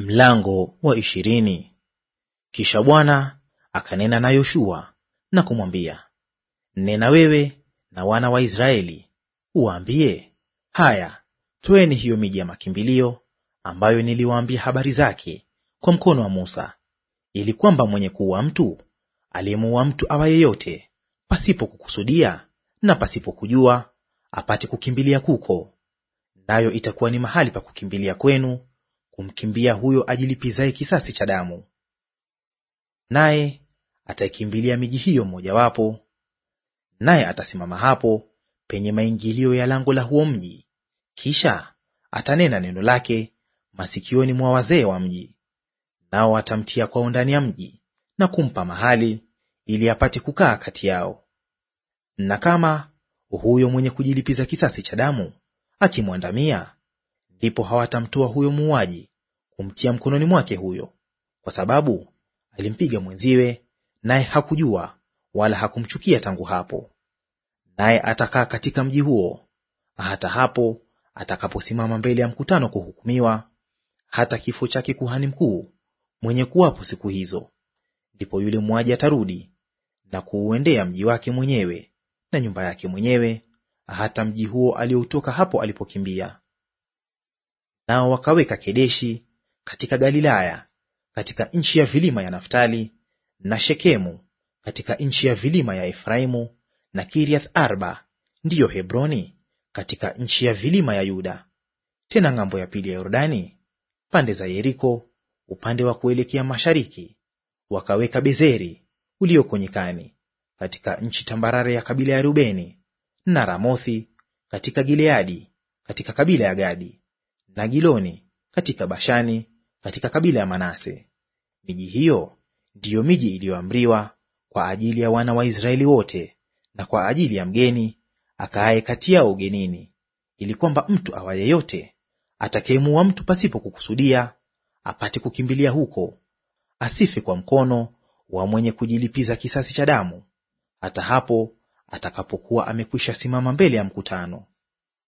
Mlango wa ishirini. Kisha Bwana akanena na Yoshua na kumwambia, nena wewe na wana wa Israeli uwaambie, haya, tweni hiyo miji ya makimbilio ambayo niliwaambia habari zake kwa mkono wa Musa, ili kwamba mwenye kuua mtu aliyemuua mtu awa yeyote pasipo kukusudia na pasipo kujua apate kukimbilia kuko, nayo itakuwa ni mahali pa kukimbilia kwenu humkimbia huyo ajilipizaye kisasi cha damu. Naye ataikimbilia miji hiyo mmojawapo, naye atasimama hapo penye maingilio ya lango la huo mji, kisha atanena neno lake masikioni mwa wazee wa mji, nao atamtia kwao ndani ya mji na kumpa mahali, ili apate kukaa kati yao. Na kama huyo mwenye kujilipiza kisasi cha damu akimwandamia ndipo hawatamtoa huyo muuaji kumtia mkononi mwake huyo, kwa sababu alimpiga mwenziwe, naye hakujua wala hakumchukia tangu hapo. Naye atakaa katika mji huo hata hapo atakaposimama mbele ya mkutano kuhukumiwa, hata kifo chake kuhani mkuu mwenye kuwapo siku hizo. Ndipo yule muuaji atarudi na kuuendea mji wake mwenyewe na nyumba yake mwenyewe, hata mji huo aliyoutoka hapo alipokimbia. Nao wakaweka Kedeshi katika Galilaya katika nchi ya vilima ya Naftali, na Shekemu katika nchi ya vilima ya Efraimu, na Kiriath Arba ndiyo Hebroni katika nchi ya vilima ya Yuda. Tena ng'ambo ya pili ya Yordani pande za Yeriko upande wa kuelekea mashariki wakaweka Bezeri ulioko nyikani katika nchi tambarare ya kabila ya Rubeni, na Ramothi katika Gileadi katika kabila ya Gadi na Giloni katika Bashani katika kabila ya Manase. Miji hiyo ndiyo miji iliyoamriwa kwa ajili ya wana wa Israeli wote na kwa ajili ya mgeni akaaye kati yao ugenini, ili kwamba mtu awa yeyote atakayemuua mtu pasipo kukusudia apate kukimbilia huko, asife kwa mkono wa mwenye kujilipiza kisasi cha damu, hata hapo atakapokuwa amekwisha simama mbele ya mkutano.